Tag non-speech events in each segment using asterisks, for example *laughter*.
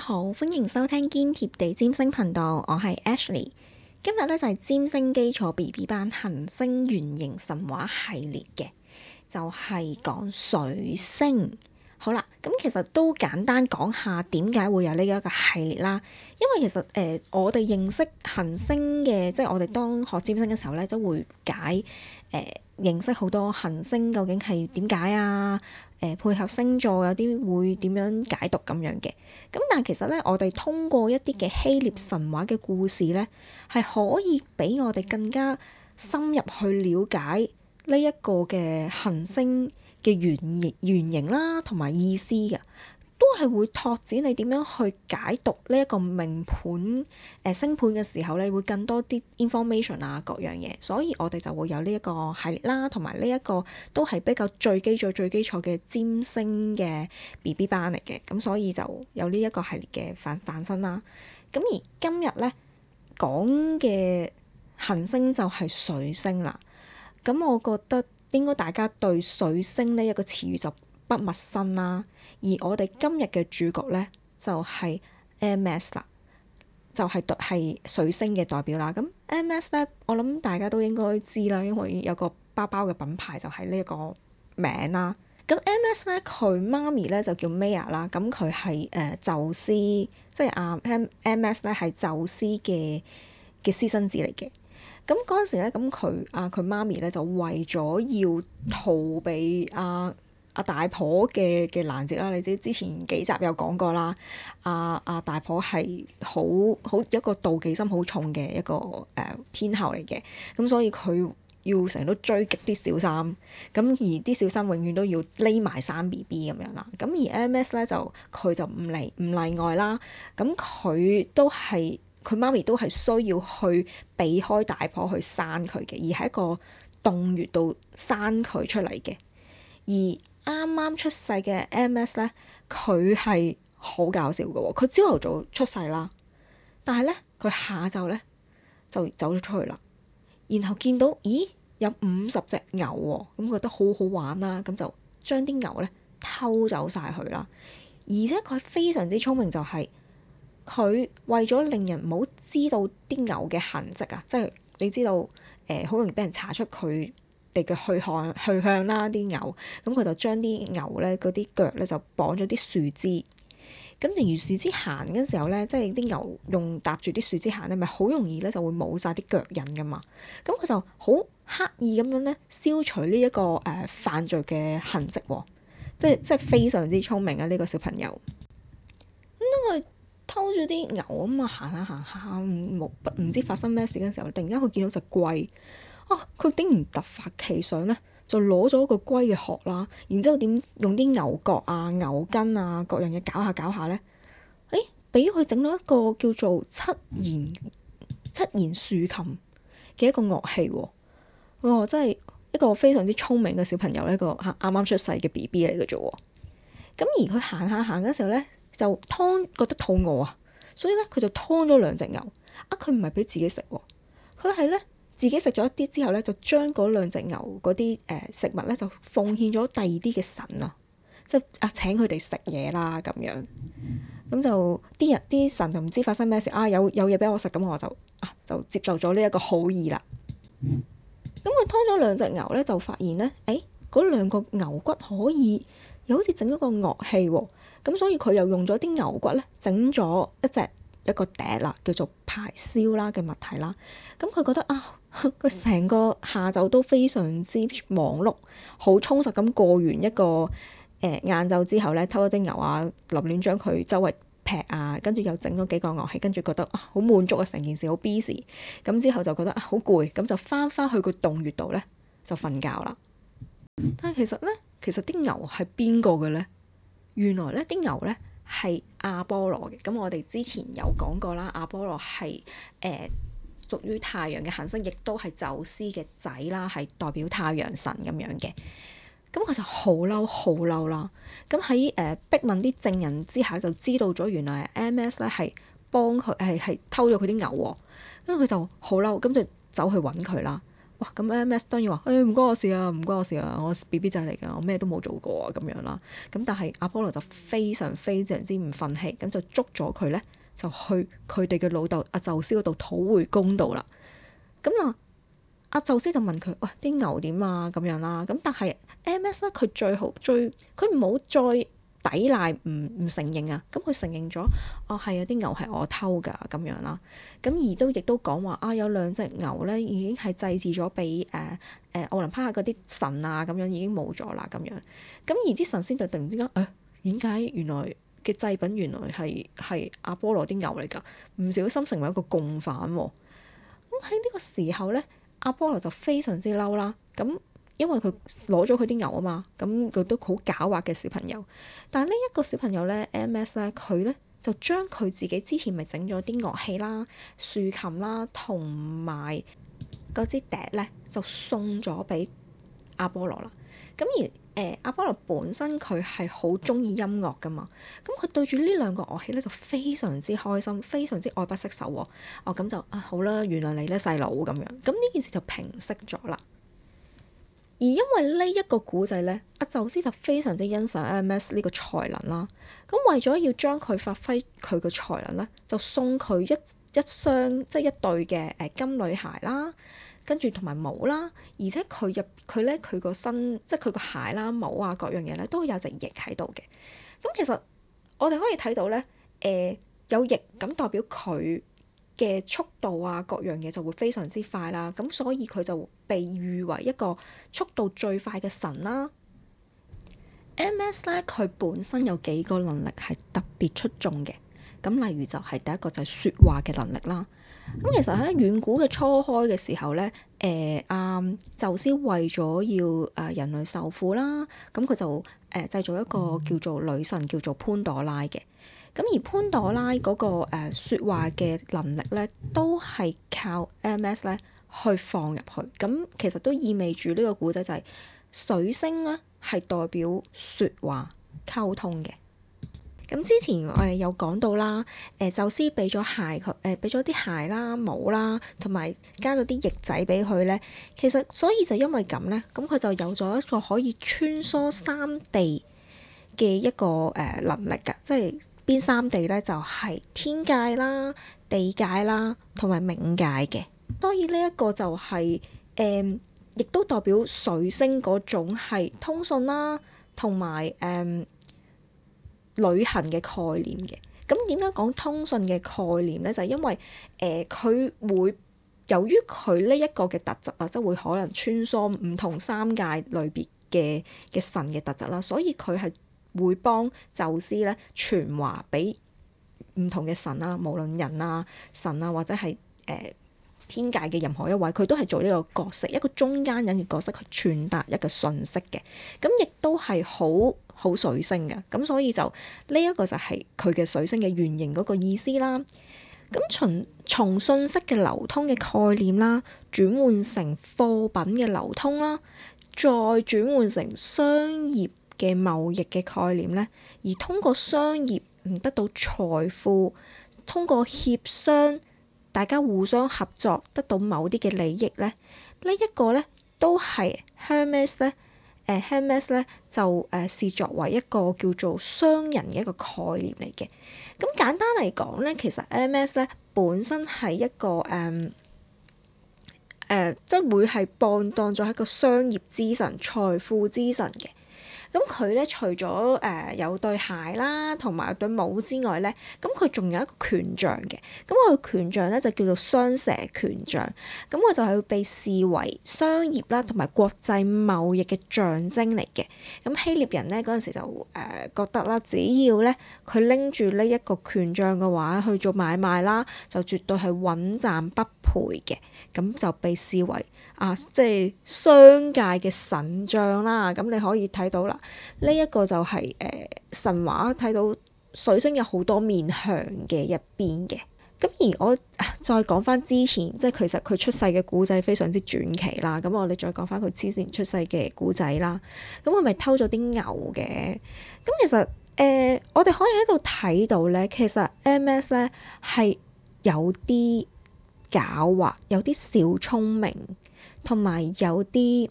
好，歡迎收聽堅貼地占星頻道，我係 Ashley，今日咧就係、是、占星基礎 BB 班，行星原型神話系列嘅，就係、是、講水星。好啦，咁其實都簡單講下點解會有呢一個系列啦，因為其實誒、呃、我哋認識行星嘅，即、就、係、是、我哋當學占星嘅時候咧，都會解誒。呃認識好多行星究竟係點解啊？誒，配合星座有啲會點樣解讀咁樣嘅。咁但係其實呢，我哋通過一啲嘅希臘神話嘅故事呢，係可以俾我哋更加深入去了解呢一個嘅行星嘅原型、原型啦同埋意思嘅。都係會拓展你點樣去解讀呢一個命盤、誒、呃、星盤嘅時候咧，會更多啲 information 啊，各樣嘢。所以我哋就會有呢一個系列啦，同埋呢一個都係比較最基礎、最基礎嘅占星嘅 BB 班嚟嘅。咁所以就有呢一個系列嘅誕誕生啦。咁而今日咧講嘅行星就係水星啦。咁我覺得應該大家對水星呢一個詞語就～不陌生啦，而我哋今日嘅主角咧就係 Hermes 啦，就係、是、代、就是、水星嘅代表啦。咁 Hermes 咧，我諗大家都應該知啦，因為有個包包嘅品牌就係呢一個名啦。咁 Hermes 咧，佢媽咪咧就叫 Maya 啦，咁佢係誒宙斯，即係啊 a Hermes 咧係宙斯嘅嘅私生子嚟嘅。咁嗰陣時咧，咁佢啊佢媽咪咧就為咗要逃避啊。阿、啊、大婆嘅嘅攔截啦，你知之前幾集有講過啦。阿、啊、阿、啊、大婆係好好一個妒忌心好重嘅一個誒、呃、天后嚟嘅，咁所以佢要成日都追擊啲小三，咁而啲小三永遠都要匿埋生 B B 咁樣啦。咁而 M S 咧就佢就唔例唔例外啦，咁佢都係佢媽咪都係需要去避開大婆去生佢嘅，而係一個洞穴度生佢出嚟嘅，而。啱啱出世嘅 MS 咧，佢係好搞笑嘅。佢朝頭早出世啦，但係咧佢下晝咧就走咗出去啦。然後見到咦，有五十隻牛喎、哦，咁覺得好好玩啦，咁就將啲牛咧偷走晒佢啦。而且佢非常之聰明、就是，就係佢為咗令人唔好知道啲牛嘅痕迹啊，即係你知道誒，好、呃、容易俾人查出佢。哋嘅去向去向啦，啲牛，咁佢就將啲牛咧嗰啲腳咧就綁咗啲樹枝，咁正如樹枝行嘅時候咧，即係啲牛用搭住啲樹枝行咧，咪好容易咧就會冇晒啲腳印噶嘛，咁佢就好刻意咁樣咧消除呢一個誒、呃、犯罪嘅痕跡喎，即係即係非常之聰明啊呢、呢個小朋友，咁當佢偷咗啲牛啊嘛，行下行下冇唔知發生咩事嗰陣時候，突然間佢見到隻龜。佢竟然突發奇想咧，就攞咗個龜嘅殼啦，然之後點用啲牛角啊、牛筋啊各樣嘢搞下搞下咧，誒俾佢整到一個叫做七弦七弦豎琴嘅一個樂器喎、啊。哇、哦！真係一個非常之聰明嘅小朋友，一個嚇啱啱出世嘅 B B 嚟嘅啫喎。咁而佢行下行嘅時候咧，就劏覺得肚餓啊，所以咧佢就劏咗兩隻牛啊。佢唔係俾自己食喎，佢係咧。自己食咗一啲之後咧，就將嗰兩隻牛嗰啲誒食物咧，就奉獻咗第二啲嘅神啊，即係啊請佢哋食嘢啦咁樣。咁就啲人啲神就唔知發生咩事啊！有有嘢俾我食，咁我就啊就接受咗呢一個好意啦。咁佢拖咗兩隻牛咧，就發現咧，誒、欸、嗰兩個牛骨可以又好似整咗個樂器喎、哦。咁所以佢又用咗啲牛骨咧，整咗一隻一個笛啦，叫做排簫啦嘅物體啦。咁佢覺得啊～佢成 *laughs* 個下晝都非常之忙碌，好充實咁過完一個誒晏晝之後咧，偷一隻牛啊，臨亂將佢周圍劈啊，跟住又整咗幾個樂器，跟住覺得啊好滿足啊，成件事好 busy，咁之後就覺得好攰，咁、啊、就返返去個洞穴度咧就瞓覺啦。 *laughs* 但係其實咧，其實啲牛係邊個嘅咧？原來咧啲牛咧係阿波羅嘅。咁我哋之前有講過啦，阿波羅係誒。呃屬於太陽嘅行星，亦都係宙斯嘅仔啦，係代表太陽神咁樣嘅。咁佢就好嬲，好嬲啦。咁喺誒逼問啲證人之下，就知道咗原來 MS 咧係幫佢係係偷咗佢啲牛喎。跟住佢就好嬲，咁就走去揾佢啦。哇！咁 MS 當然話：誒唔關我事啊，唔關我事啊，我 BB 仔嚟㗎，我咩都冇做過啊咁樣啦。咁但係阿波羅就非常非常之唔憤氣，咁就捉咗佢呢。就去佢哋嘅老豆阿宙斯嗰度討回公道啦。咁、嗯、啊，阿宙斯就問佢：喂、哎，啲牛點啊？咁樣啦。咁但係 M.S. 咧佢最好最佢唔好再抵賴，唔唔承認啊。咁佢承認咗，哦係啊，啲牛係我偷噶咁樣啦。咁而都亦都講話啊，有兩隻牛咧已經係祭祀咗俾誒誒奧林匹克嗰啲神啊，咁樣已經冇咗啦咁樣。咁而啲神仙就突然之間，誒點解原來？嘅祭品原來係，係阿波羅啲牛嚟㗎，唔小心成為一個共犯喎。咁喺呢個時候呢，阿波羅就非常之嬲啦。咁因為佢攞咗佢啲牛啊嘛，咁佢都好狡猾嘅小朋友。但係呢一個小朋友呢 m s 呢，佢呢就將佢自己之前咪整咗啲樂器啦，豎琴啦同埋嗰支笛呢，就送咗俾阿波羅啦。咁而阿波羅本身佢係好中意音樂噶嘛，咁佢對住呢兩個樂器咧就非常之開心，非常之愛不釋手喎、啊。哦，咁就啊好啦，原諒你咧細佬咁樣，咁呢件事就平息咗啦。而因為呢一個古仔咧，阿宙斯就非常之欣賞 M S 呢個才能啦。咁為咗要將佢發揮佢嘅才能咧，就送佢一一雙即係一對嘅誒金女鞋啦。跟住同埋帽啦，而且佢入佢咧，佢個身即係佢個鞋啦，帽啊，各樣嘢咧都有隻翼喺度嘅。咁其實我哋可以睇到咧，誒、呃、有翼咁代表佢嘅速度啊，各樣嘢就會非常之快啦。咁所以佢就被譽為一個速度最快嘅神啦。M.S. 咧佢本身有幾個能力係特別出眾嘅，咁例如就係第一個就係說話嘅能力啦。咁其實喺遠古嘅初開嘅時候咧，誒阿宙斯為咗要啊人類受苦啦，咁佢就誒、呃、製造一個叫做女神叫做潘朵拉嘅。咁而潘朵拉嗰、那個誒説、呃、話嘅能力咧，都係靠 M S 咧去放入去，咁其實都意味住呢個故仔就係、是、水星咧係代表説話溝通嘅。咁之前我哋有講到啦，誒、呃、宙斯俾咗鞋佢，誒俾咗啲鞋啦、帽啦，同埋加咗啲翼仔俾佢咧。其實所以就因為咁咧，咁佢就有咗一個可以穿梭三地嘅一個誒、呃、能力㗎，即係邊三地咧就係、是、天界啦、地界啦，同埋冥界嘅。當然呢一個就係、是、誒、呃，亦都代表水星嗰種係通訊啦，同埋誒、呃旅行嘅概念嘅，咁點解講通訊嘅概念咧？就係、是、因為誒，佢、呃、會由於佢呢一個嘅特質啊，即、就、係、是、會可能穿梭唔同三界類別嘅嘅神嘅特質啦，所以佢係會幫宙斯咧傳話俾唔同嘅神啊，無論人啊、神啊，或者係誒、呃、天界嘅任何一位，佢都係做呢個角色，一個中間人嘅角色去傳達一個信息嘅，咁亦都係好。好水星嘅，咁所以就呢一個就係佢嘅水星嘅原型嗰個意思啦。咁從從信息嘅流通嘅概念啦，轉換成貨品嘅流通啦，再轉換成商業嘅貿易嘅概念呢。而通過商業唔得到財富，通過協商大家互相合作得到某啲嘅利益呢。呢一個呢，都係 Hermes 呢。ms 咧就誒視、呃、作為一個叫做商人嘅一個概念嚟嘅。咁簡單嚟講咧，其實 ms 咧本身係一個誒誒、嗯呃，即係會係傍當作一個商業之神、財富之神嘅。咁佢咧除咗誒、呃、有對鞋啦，同埋有對帽之外咧，咁佢仲有一個權杖嘅。咁個權杖咧就叫做雙蛇權杖。咁佢就係被視為商業啦同埋國際貿易嘅象徵嚟嘅。咁希臘人咧嗰陣時就誒、呃、覺得啦，只要咧佢拎住呢一個權杖嘅話去做買賣啦，就絕對係穩賺不賠嘅。咁就被視為啊，即係商界嘅神像啦。咁你可以睇到啦。呢一個就係、是、誒、呃、神話睇到水星有好多面向嘅一邊嘅，咁而我再講返之前，即係其實佢出世嘅古仔非常之傳奇啦。咁我哋再講返佢之前出世嘅古仔啦。咁佢咪偷咗啲牛嘅？咁其實誒、呃，我哋可以喺度睇到咧，其實 M S 咧係有啲狡猾，有啲小聰明，同埋有啲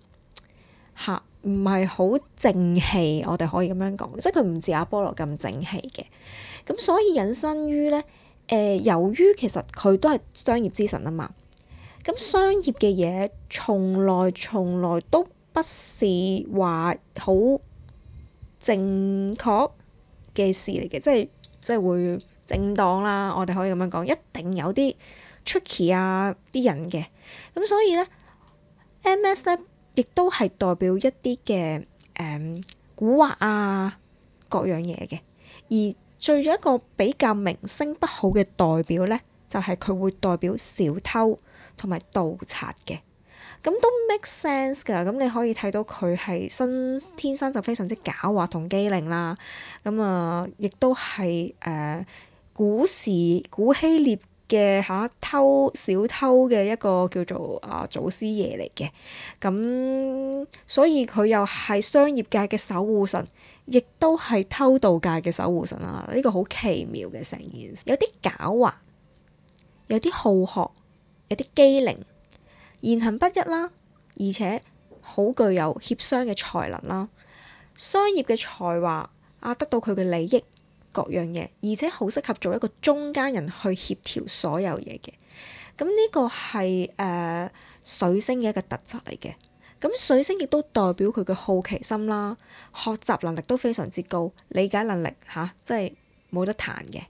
吓。唔係好正氣，我哋可以咁樣講，即係佢唔似阿波羅咁正氣嘅，咁所以引申於呢，誒、呃、由於其實佢都係商業之神啊嘛，咁商業嘅嘢從來從來都不是話好正確嘅事嚟嘅，即係即係會正當啦，我哋可以咁樣講，一定有啲 tricky 啊啲人嘅，咁所以呢 MS 咧。亦都係代表一啲嘅、嗯、古惑啊各樣嘢嘅，而最有一個比較名聲不好嘅代表呢，就係、是、佢會代表小偷同埋盜賊嘅，咁都 make sense 㗎。咁你可以睇到佢係生天生就非常之狡猾同機靈啦，咁、嗯、啊、呃、亦都係誒、呃、古時古希臘。嘅嚇、啊、偷小偷嘅一個叫做啊祖師爺嚟嘅，咁所以佢又係商業界嘅守護神，亦都係偷渡界嘅守護神啦。呢、這個好奇妙嘅，成件事，有啲狡猾，有啲好學，有啲機靈，言行不一啦，而且好具有協商嘅才能啦。商業嘅才華啊，得到佢嘅利益。各樣嘢，而且好適合做一個中間人去協調所有嘢嘅。咁呢個係誒、呃、水星嘅一個特質嚟嘅。咁水星亦都代表佢嘅好奇心啦，學習能力都非常之高，理解能力嚇，即係冇得彈嘅。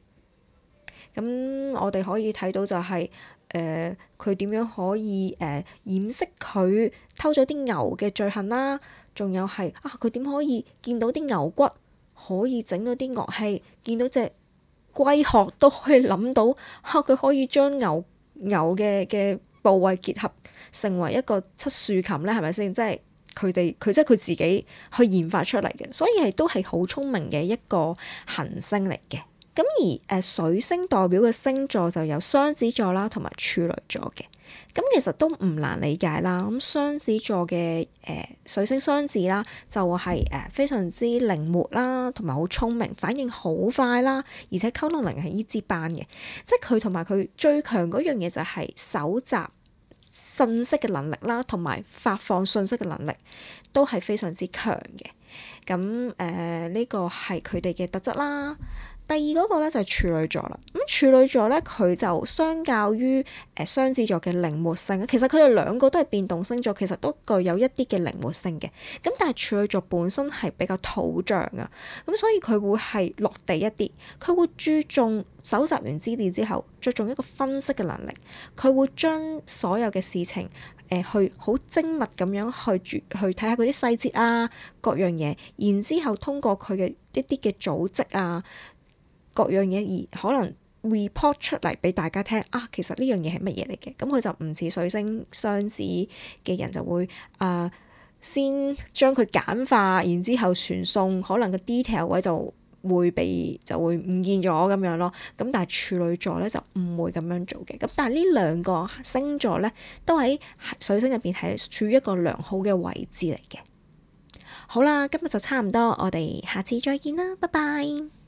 咁我哋可以睇到就係誒佢點樣可以誒、呃、掩飾佢偷咗啲牛嘅罪行啦，仲有係啊佢點可以見到啲牛骨？可以整到啲樂器，見到隻龜殼都可以諗到，嚇、啊、佢可以將牛牛嘅嘅部位結合，成為一個七絃琴咧，係咪先？即係佢哋佢即係佢自己去研發出嚟嘅，所以係都係好聰明嘅一個行星嚟嘅。咁而誒水星代表嘅星座就有雙子座啦，同埋處女座嘅。咁其實都唔難理解啦。咁雙子座嘅誒水星雙子啦，就係誒非常之靈活啦，同埋好聰明，反應好快啦，而且溝通能力係一級棒嘅，即係佢同埋佢最強嗰樣嘢就係搜集信息嘅能力啦，同埋發放信息嘅能力都係非常之強嘅。咁誒呢個係佢哋嘅特質啦。第二嗰個咧就係處女座啦。咁處女座咧，佢就相較於誒、呃、雙子座嘅靈活性，其實佢哋兩個都係變動星座，其實都具有一啲嘅靈活性嘅。咁但係處女座本身係比較土象啊，咁所以佢會係落地一啲，佢會注重搜集完資料之後，着重一個分析嘅能力。佢會將所有嘅事情誒、呃、去好精密咁樣去去睇下嗰啲細節啊，各樣嘢，然之後通過佢嘅一啲嘅組織啊，各樣嘢而可能 report 出嚟俾大家聽啊，其實呢樣嘢係乜嘢嚟嘅？咁佢就唔似水星雙子嘅人就會啊、呃，先將佢簡化，然之後傳送，可能個 detail 位就會被就會唔見咗咁樣咯。咁但係處女座咧就唔會咁樣做嘅。咁但係呢兩個星座咧都喺水星入邊係處於一個良好嘅位置嚟嘅。好啦，今日就差唔多，我哋下次再見啦，拜拜。